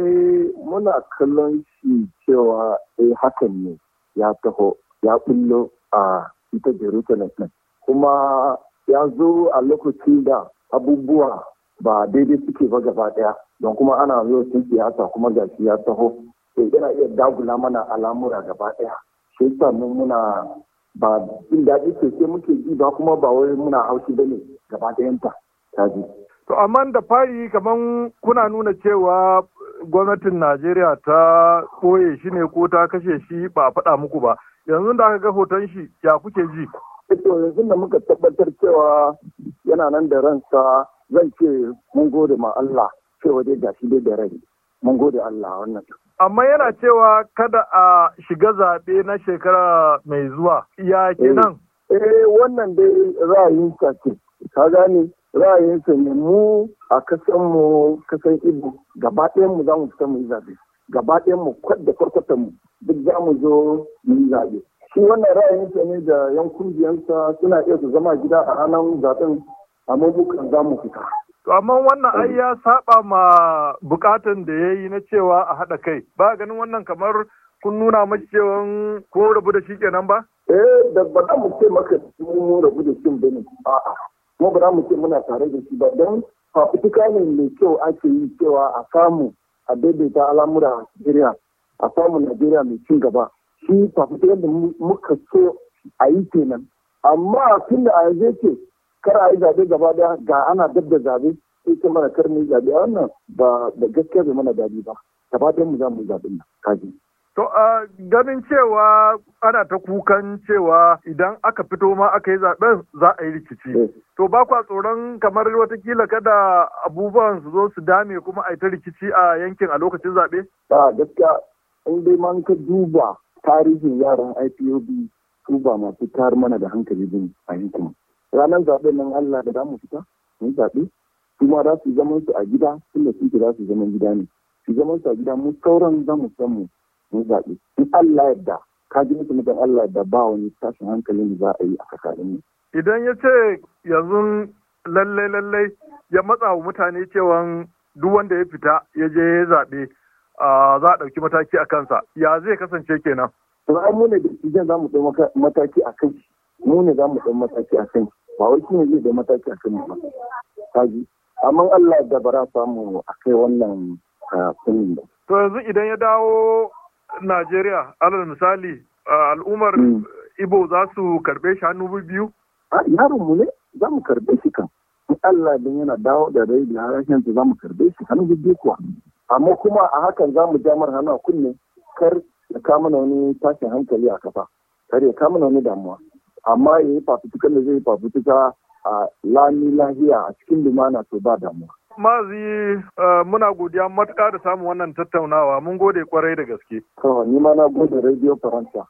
eh muna kallon shi cewa eh hakan ne ya taho ya bullo a ita jerusalem ɗin kuma ya zo a lokaci da abubuwa ba daidai suke ba gaba ɗaya don kuma ana zo sun siyasa kuma ga gashi ya taho sai yana iya dagula mana al'amura gaba ɗaya shi yasa muna ba jin daɗi sosai muke ji ba kuma ba wai muna haushi bane gaba ɗayanta ta to amma da fari kaman kuna nuna cewa gwamnatin najeriya ta ɓoye shi ne ko ta kashe shi ba a faɗa muku ba yanzu da aka ga hoton shi ya kuke ji Ito yanzu da muka tabbatar cewa yana nan da ransa zan ce mun gode ma Allah cewa dai gashi dai da rai mun gode Allah wannan amma yana cewa kada a shiga zaɓe na shekara mai zuwa ya eh, nan? eh wannan dai ra'ayin ce ka gane ra'ayinsa ne mu a kasan mu kasan ibo gaba mu za mu fita mu yi zaɓe gaba mu kwad da mu duk za mu zo mu yi zaɓe shi wannan ra'ayinsa ne da yan kungiyansa suna iya su zama gida a ranar zaɓen amma mabukan za mu fita. To amma wannan ai ya saba ma bukatan da ya yi na cewa a haɗa kai ba ganin wannan kamar kun nuna mashi cewa ko rabu da shi kenan ba? Eh da ba za mu ce maka mun rabu da shi bane a'a kuma ba za mu ce muna tare da shi ba don fafutuka ne mai kyau ake yi cewa a samu a daidaita al'amura a Najeriya a samu Najeriya mai cin gaba shi fafutuka da muka so a yi kenan amma tun da a yanzu yake kar a yi zabe gaba daya ga ana dab da zabe sai ce mana kar mu yi zabe wannan ba da gaskiya bai mana dadi ba gaba mu za mu zabe nan kaji To a ganin cewa ana ta kukan cewa idan aka fito ma aka yi zaben za a yi rikici. Eh. To ba kwa tsoron kamar watakila kada abubuwan su zo su dame kuma a yi ta rikici a yankin a lokacin zaɓe? Ba gaskiya in dai man ka duba tarihin yaran IPOB su ba masu tar mana da hankali bin a yankin. Ranar zaɓen nan Allah da damu fita, mun zaɓe, su ma za su zaman su a gida, tunda su za su zaman gida ne. Su zaman su a gida mu sauran za mu san mu mun zaɓi in Allah yadda ka ji mutum da Allah da ba wani tashin hankali da za a yi a tsakanin idan ya ce yanzu lallai lallai ya matsa wa mutane cewa duk wanda ya fita ya je ya zaɓe za a ɗauki mataki a kansa ya zai kasance kenan ba mu ne da idan za mu ɗau mataki a kai mu ne za mu ɗau mataki a kai ba wai shi ne zai ɗau mataki a kai ba kaji amma Allah da bara samu a kai wannan sunin ba to yanzu idan ya dawo Najeriya alal misali al'ummar hmm. Ibo za su karbe shi hannu biyu? Yaron mu ne za mu karbe shi kan. In Allah don yana dawo da rai da harshen za mu karbe shi hannu biyu kuwa. Amma kuma a hakan za mu ja hannu a kunne kar ya kama na wani tashin hankali a kafa. Kar ya kama na wani damuwa. Amma ya yi fafutukar da zai yi fafutuka a lami lahiya a cikin lumana to ba damuwa. mazi eh, muna godiya matuƙa da samun wannan tattaunawa mun gode kwarai da gaske. kawai ni ma na gode Radio Faransa.